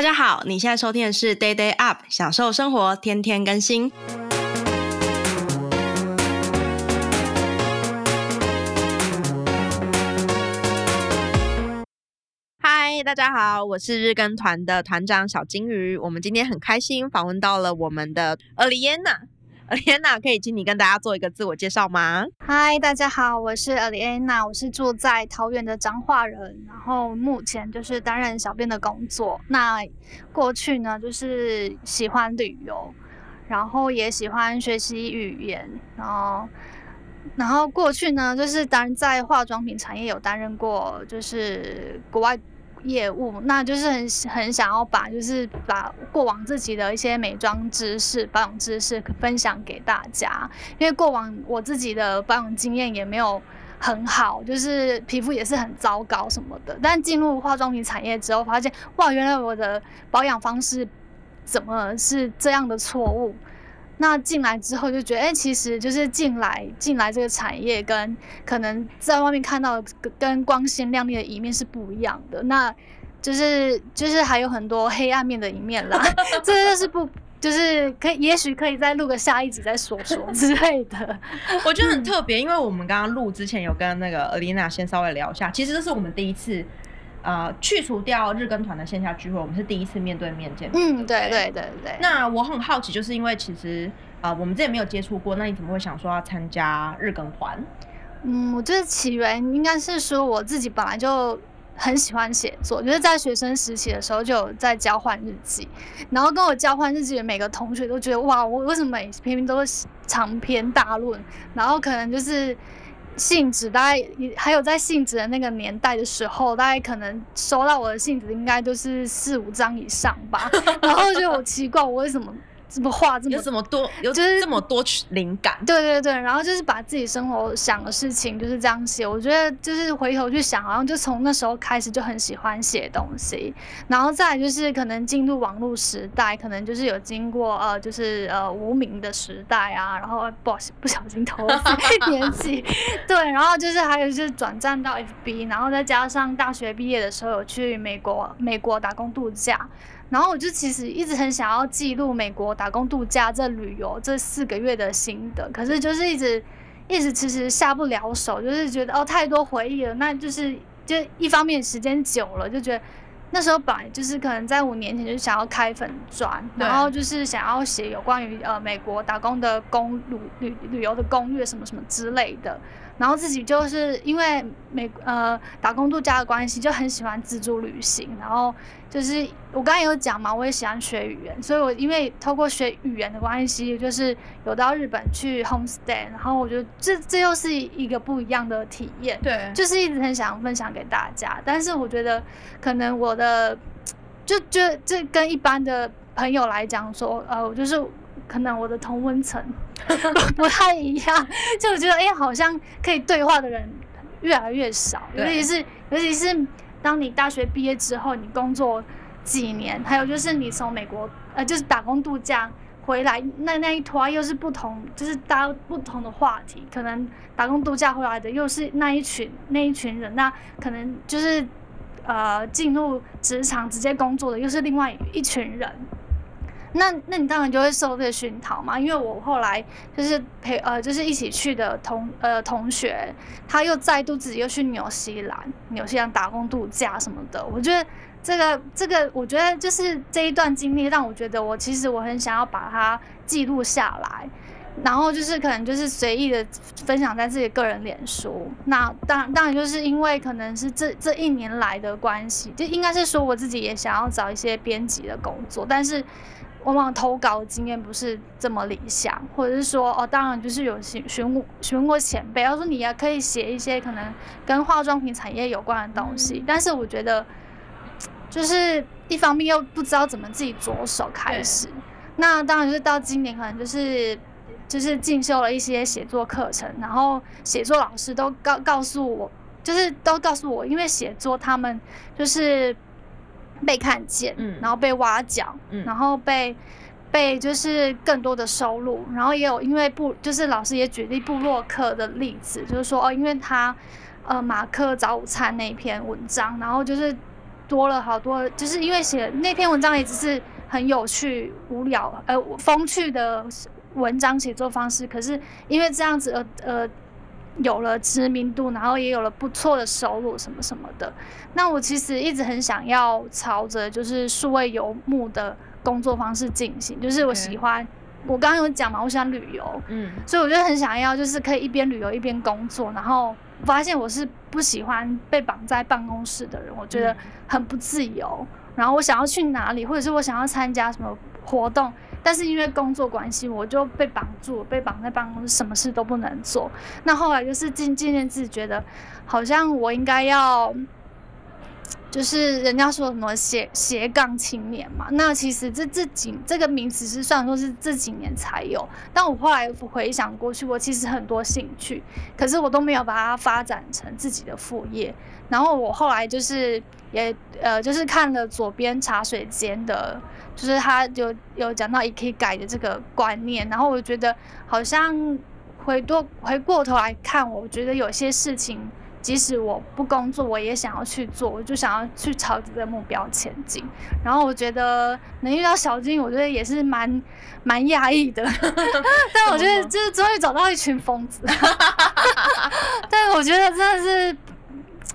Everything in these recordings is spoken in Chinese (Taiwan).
大家好，你現在收聽的是 Day Day Up，享受生活，天天更新。嗨，大家好，我是日更團的團長小金魚，我們今天很開心訪問到了我們的 Eliana。艾莉安娜，可以請你跟大家做一個自我介紹嗎？嗨，Hi, 大家好，我是艾莉安娜，我是住在桃園的彰化人，然後目前就是擔任小編的工作。那過去呢，就是喜歡旅遊，然後也喜歡學習語言，然後然後過去呢，就是當然在化妝品產業有擔任過，就是國外，業務，那就是很很想要把就是把過往自己的一些美妝知識、保養知識分享給大家，因為過往我自己的保養經驗也沒有很好，就是皮膚也是很糟糕什麼的。但進入化妝品產業之後，發現哇，原來我的保養方式怎麼是這樣的錯誤。那進來之後就覺得，哎、欸，其實就是進來進來這個產業，跟可能在外面看到跟光鮮亮麗的一面是不一樣的。那，就是就是還有很多黑暗面的一面啦。這 就是不就是可以，也許可以再錄個下一集再說說之類的。 我覺得很特別、嗯，因為我們剛剛錄之前有跟那個艾莉安娜先稍微聊一下，其實這是我們第一次。呃，去除掉日更團的線下聚會，我們是第一次面對面見面。嗯，對對對對。那我很好奇，就是因為其實啊、呃，我們之前沒有接觸過，那你怎麼會想說要參加日更團？嗯，我覺得起源應該是說我自己本來就很喜歡寫作，就是在學生時期的時候就有在交換日記，然後跟我交換日記的每個同學都覺得哇，我為什麼偏偏都是長篇大論，然後可能就是。信紙大概還有在信紙的那個年代的時候，大概可能收到我的信紙應該都是四五張以上吧， 然後覺得好奇怪，我為什麼。怎麼話這麼，有，麼、就是、有這麼多，有就是這麼多靈感。對對對，然後就是把自己生活想的事情就是這樣寫。我覺得就是回頭去想，好像就從那時候開始就很喜歡寫東西。然後再來就是可能進入網絡時代，可能就是有經過呃，就是呃無名的時代啊。然後、Boss、不小心不小心偷寫年字， 對。然後就是還有就是轉戰到 FB，然後再加上大學畢業的時候有去美國美國打工度假。然後我就其實一直很想要記錄美國打工度假這旅遊這四個月的心得，可是就是一直一直其實下不了手，就是覺得哦太多回憶了，那就是就一方面時間久了就覺得那時候本來就是可能在五年前就想要開粉專，然後就是想要寫有關於呃美國打工的公路旅旅遊的攻略什麼什麼之類的。然後自己就是因為美呃打工度假的關係，就很喜歡自助旅行。然後就是我剛才有講嘛，我也喜歡學語言，所以我因為透過學語言的關係，就是有到日本去 homestay。然後我覺得這這又是一個不一樣的體驗，對，就是一直很想分享給大家。但是我覺得可能我的就就這跟一般的朋友來講說，呃，就是。可能我的同溫層不太一樣， 就我覺得哎、欸，好像可以對話的人越來越少。尤其是尤其是當你大學畢業之後，你工作幾年，還有就是你從美國呃就是打工度假回來，那那一團又是不同，就是搭不同的話題。可能打工度假回來的又是那一群那一群人，那可能就是呃進入職場直接工作的又是另外一群人。那那你當然就會受這個熏陶嘛，因為我後來就是陪，呃就是一起去的同，呃同學，他又再度自己又去紐西蘭，紐西蘭打工度假什麼的。我覺得這個這個，我覺得就是這一段經歷讓我覺得我其實我很想要把它記錄下來，然後就是可能就是隨意的分享在自己個人臉書。那當然當然就是因為可能是這這一年來的關係，就應該是說我自己也想要找一些編輯的工作，但是。往往投稿經驗不是這麼理想，或者是說，哦，當然就是有些詢過，詢問過前輩，他說你也可以寫一些可能跟化妝品產業有關的東西，但是我覺得，就是一方面又不知道怎麼自己着手開始。那當然就是到今年可能就是就是進修了一些寫作課程，然後寫作老師都告告訴我，就是都告訴我，因為寫作他們就是。被看見，嗯，然後被挖角，嗯，然後被，被就是更多的收入，然後也有因為部就是老師也舉例部落客的例子，就是說哦，因為他，呃，馬克早午餐那篇文章，然後就是多了好多，就是因為寫那篇文章也只是很有趣無聊，呃，風趣的文章寫作方式，可是因為這樣子呃呃。有了知名度，然後也有了不錯的收入什麼什麼的。那我其實一直很想要朝着就是數位游牧的工作方式進行，就是我喜歡。嗯，我剛剛有講嘛，我喜歡旅遊，嗯，所以我就很想要，就是可以一邊旅遊一邊工作。然後發現我是不喜歡被綁在辦公室的人，我覺得很不自由。然後我想要去哪裡，或者是我想要參加什麼活動，但是因為工作關係，我就被綁住，被綁在辦公室，什麼事都不能做。那後來就是漸漸漸自己覺得，好像我應該要。就是人家說什麼斜斜槓青年嘛，那其實這這幾這個名詞是算說是這幾年才有，但我後來回想過去，我其實很多興趣，可是我都沒有把它發展成自己的副業。然後我後來就是也呃，就是看了左邊茶水間的，就是他有有講到也可以改的這個觀念，然後我覺得好像回多回過頭來看，我覺得有些事情，即使我不工作，我也想要去做，我就想要去朝着這個目標前進。然後我覺得能遇到小金，我覺得也是蠻蠻訝異的， 但我覺得就是終於找到一群瘋子， 但我覺得真的是。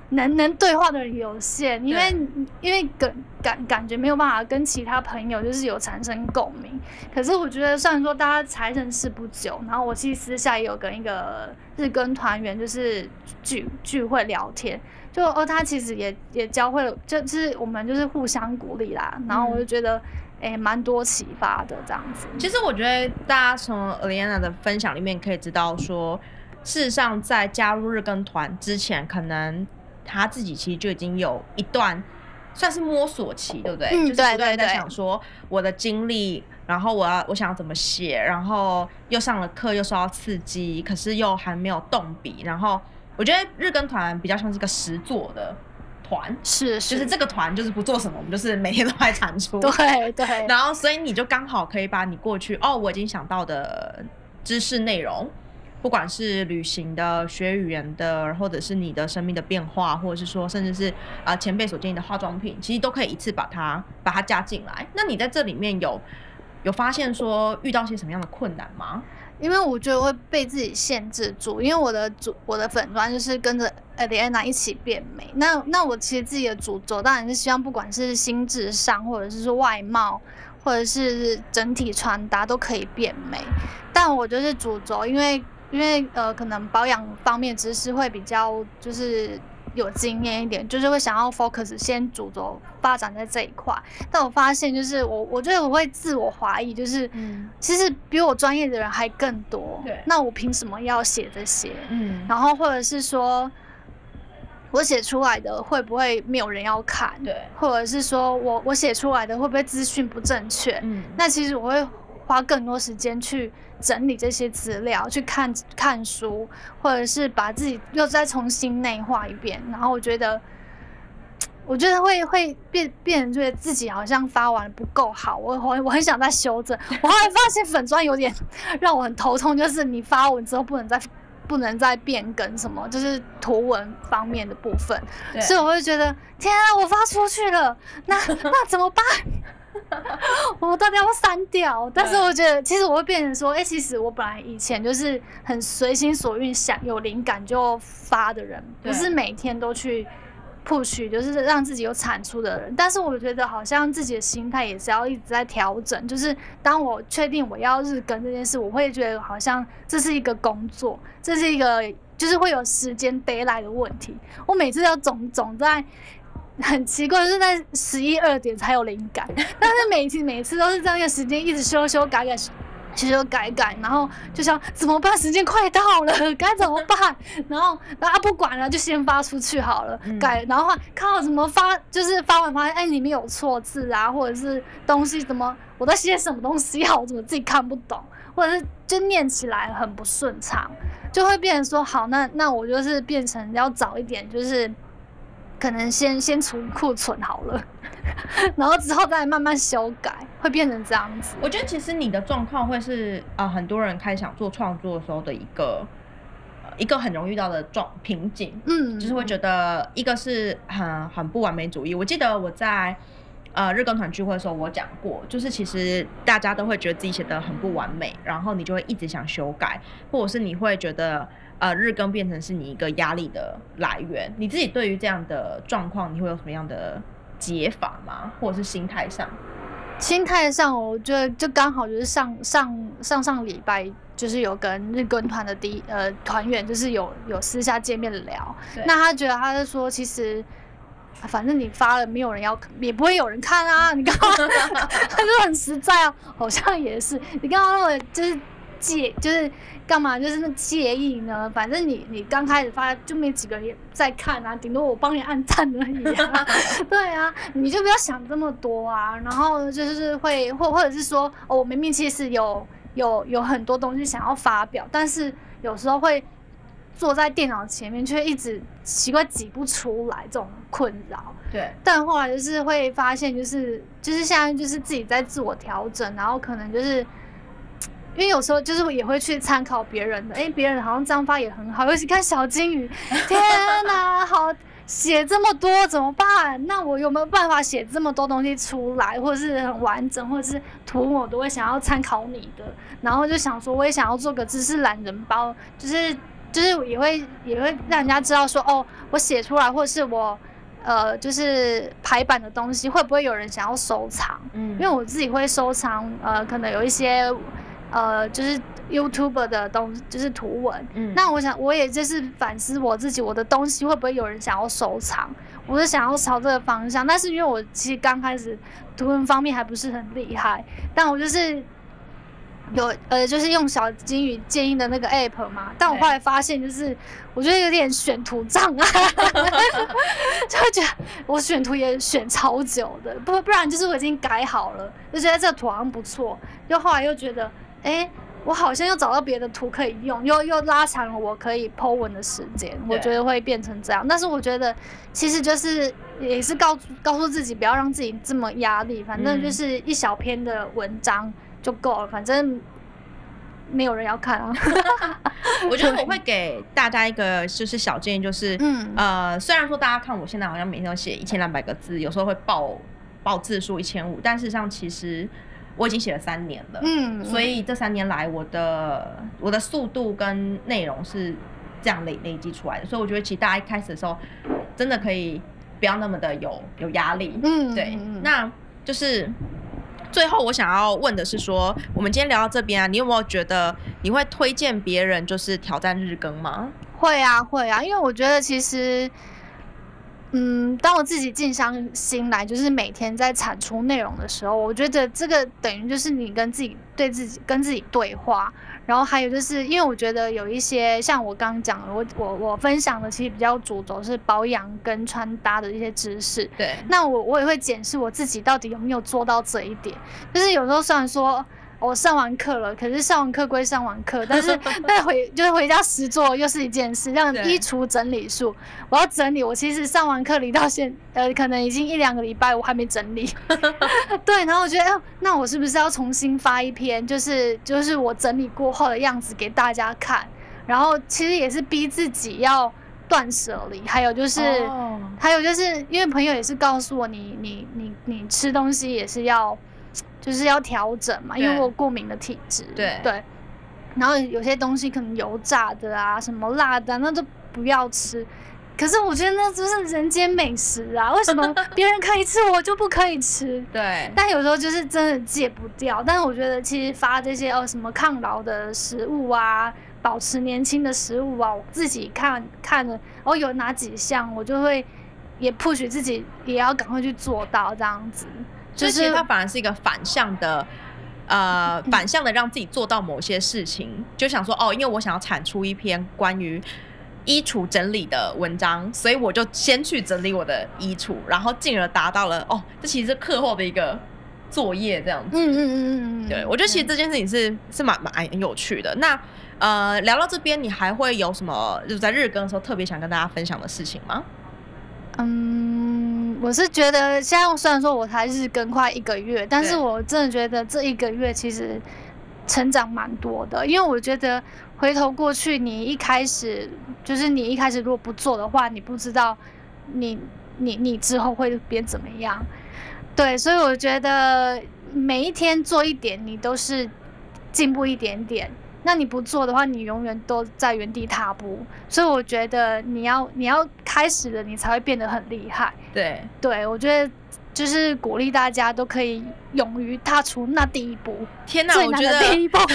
能能對話的人有限，因為因為感感感覺沒有辦法跟其他朋友就是有產生共鳴。可是我覺得雖然說大家才認識不久，然後我其實私下也有跟一個日更團員就是聚聚會聊天，就哦他其實也也教會了，就是我們就是互相鼓勵啦。然後我就覺得誒，嗯，欸，蠻多啟發的這樣子。其實我覺得大家從艾莉安娜的分享裡面可以知道說，事實上在加入日更團之前可能。他自己其實就已經有一段算是摸索期，對不對？嗯，對對，對、就是、在想說我的經歷，然後我要我想要怎麼寫，然後又上了課，又受到刺激，可是又還沒有動筆。然後我覺得日更團比較像是個實作的團，是是，就是這個團就是不做什麼，我們就是每天都在產出，對對。然後所以你就剛好可以把你過去哦，我已經想到的知識內容。不管是旅行的，學語言的，或者是你的生命的變化，或者是說，甚至是啊前輩所建議的化妝品，其實都可以一次把它把它加進來。那你在這裡面有有發現說遇到些什麼樣的困難嗎？因為我覺得我會被自己限制住，因為我的主我的粉專，就是跟着艾莉安娜一起變美。那那我其實自己的主軸當然是希望，不管是心智上，或者是說外貌，或者是整體穿搭都可以變美。但我就是主軸，因為。因為呃，可能保養方面知識會比較就是有經驗一點，就是會想要 focus 先主軸發展在這一塊。但我發現就是我，我覺得我會自我懷疑，就是、嗯、其實比我專業的人還更多。對。那我憑什麼要寫這些？嗯。然後或者是說我寫出來的會不會沒有人要看？對。或者是說我我寫出來的會不會資訊不正確？嗯。那其實我會。花更多時間去整理這些資料，去看看書，或者是把自己又再重新內化一遍。然後我覺得，我覺得會會變，變覺得自己好像發完不夠好。我我我很想再修正。我後來發現粉專有點讓我很頭痛，就是你發文之後不能再不能再變更什麼，就是圖文方面的部分。所以我會覺得，天啊，我發出去了，那那怎麼辦？ 我到底要刪掉？但是我覺得，其實我會變成說，哎、欸，其實我本來以前就是很隨心所欲、想有靈感就發的人，不是每天都去 push，就是讓自己有產出的人。但是我覺得，好像自己的心態也是要一直在調整。就是當我確定我要日更這件事，我會覺得好像這是一個工作，這是一個就是會有時間得來的問題。我每次要總總在。很奇怪，就是在十一二點才有靈感，但是每次、每次都是這樣一個時間，一直修修改改，修修改改，然後就想怎麼辦？時間快到了，該怎麼辦？ 然後，然、啊、後不管了，就先發出去好了，嗯、改，然後看我怎麼發，就是發完發現哎裡面有錯字啊，或者是東西怎麼我在寫什麼東西好、啊，我怎麼自己看不懂，或者是就念起來很不順暢，就會變成說好，那那我就是變成要早一點，就是。可能先先儲庫存好了，然後之後再慢慢修改，會變成這樣子。我覺得其實你的狀況會是啊、呃，很多人開始想做創作的時候的一個、呃、一個很容易遇到的狀瓶頸，嗯，就是會覺得一個是很、呃、很不完美主義。我記得我在呃日更團聚會的時候，我講過，就是其實大家都會覺得自己寫得很不完美，然後你就會一直想修改，或者是你會覺得。呃，日更變成是你一個壓力的來源，你自己對於這樣的狀況，你會有什麼樣的解法嗎？或者是心態上？心態上，我覺得就剛好就是上上，上上上禮拜，就是有跟日更團的第呃團員，就是有有私下見面聊。那他覺得他是說，其實反正你發了沒有人要，也不會有人看啊。你剛剛 他就很實在啊，好像也是。你剛剛那麼就是解就是。就是幹嘛就是那介意呢？反正你你剛開始發就沒幾個人在看啊，頂多我幫你按讚而已啊。 對啊，你就不要想這麼多啊。然後就是會或或者是說，我，哦，明明其實有有有很多東西想要發表，但是有時候會坐在電腦前面卻一直奇怪擠不出來這種困擾。對。但後來就是會發現，就是就是現在就是自己在自我調整，然後可能就是。因為有時候就是我也會去參考別人的，誒，別人好像這樣發也很好，尤其看小金魚，天吶，好寫這麼多怎麼辦？那我有沒有辦法寫這麼多東西出來，或是很完整，或是塗抹都會想要參考你的，然後就想說我也想要做個知識懶人包，就是就是也會也會讓人家知道說哦，我寫出來或者是我呃就是排版的東西會不會有人想要收藏？嗯，因為我自己會收藏，呃，可能有一些。呃，就是 YouTube 的東西，就是圖文。嗯，那我想，我也就是反思我自己，我的東西會不會有人想要收藏？我是想要朝這個方向，但是因為我其實剛開始圖文方面還不是很厲害，但我就是有呃，就是用小金魚建議的那個 App 嘛，但我後來發現，就是我覺得有點選圖障礙、啊， 就會覺得我選圖也選超久的，不不然就是我已經改好了，就覺得這圖好像不錯，又後來又覺得。哎、欸，我好像又找到別的圖可以用，又又拉長了我可以 Po 文的時間。我覺得會變成這樣，但是我覺得其實就是也是告訴告訴自己不要讓自己這麼壓力，反正就是一小篇的文章就夠了、嗯，反正沒有人要看啊。 我覺得我會給大家一個就是小建議，就是嗯呃，雖然說大家看我現在好像每天都寫一千兩百個字，有時候會爆爆字數一千五，但事實上其實。我已經寫了三年了嗯，嗯，所以這三年來，我的我的速度跟內容是這樣累累積出來的。所以我覺得，其實大家一開始的時候，真的可以不要那麼的有有壓力，嗯，對嗯。那就是最後我想要問的是說，說我們今天聊到這邊啊，你有沒有覺得你會推薦別人就是挑戰日更嗎？會啊，會啊，因為我覺得其實。嗯，當我自己靜下心來，就是每天在產出內容的時候，我覺得這個等於就是你跟自己對自己跟自己對話。然後還有就是因為我覺得有一些像我剛剛講的，我我我分享的其實比較主軸是保養跟穿搭的一些知識。對，那我我也會檢視我自己到底有沒有做到這一點。就是有時候雖然說。我、哦，上完課了，可是上完課歸上完課，但是再 回就是回家實做又是一件事。像衣櫥整理術，我要整理。我其實上完課離到現，呃，可能已經一兩個禮拜我還沒整理。 對，然後我覺得、呃，那我是不是要重新發一篇，就是就是我整理過後的樣子給大家看？然後其實也是逼自己要斷捨離。還有就是，oh. 還有就是因為朋友也是告訴我你，你你你你吃東西也是要。就是要調整嘛，因為我過敏的體質。對。然後有些東西可能油炸的啊，什麼辣的啊，那都不要吃。可是我覺得那就是人間美食啊， 為什麼別人可以吃，我就不可以吃？對。但有時候就是真的戒不掉。但我覺得其實發這些哦，什麼抗老的食物啊，保持年輕的食物啊，我自己看看了哦，有哪幾項，我就會也 push 自己也要趕快去做到這樣子。就是，其實它反而是一個反向的，呃，反向的讓自己做到某些事情，就想說哦，因為我想要產出一篇關於衣櫥整理的文章，所以我就先去整理我的衣櫥，然後進而達到了哦，這其實是課後的一個作業這樣子。嗯嗯嗯嗯嗯。對，我覺得其實這件事情是是蠻蠻蠻有趣的。那呃，聊到這邊，你還會有什麼就是在日更的時候特別想跟大家分享的事情嗎？嗯，我是覺得現在雖然說我才日更快一個月，但是我真的覺得這一個月其實成長蠻多的。因為我覺得回頭過去，你一開始就是你一開始如果不做的話，你不知道你你你之後會變怎麼樣。對，所以我覺得每一天做一點，你都是進步一點點。那你不做的話，你永遠都在原地踏步。所以我覺得你要你要開始了，你才會變得很厲害。對對，我覺得就是鼓勵大家都可以勇於踏出那第一步。天哪、啊，我覺得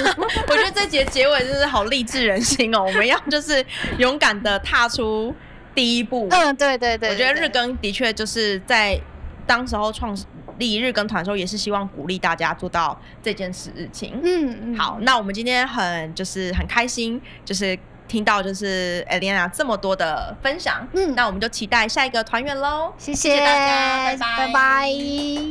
我覺得這集結尾就是好勵志人心哦！ 我們要就是勇敢的踏出第一步。嗯，對對對。我覺得日更的確就是在當時候創始第一日更團的時候，也是希望鼓勵大家做到這件事情嗯。嗯好，那我們今天很就是很開心，就是聽到就是艾莉安娜這麼多的分享。嗯，那我們就期待下一個團圓嘍。謝謝大家，拜拜拜拜。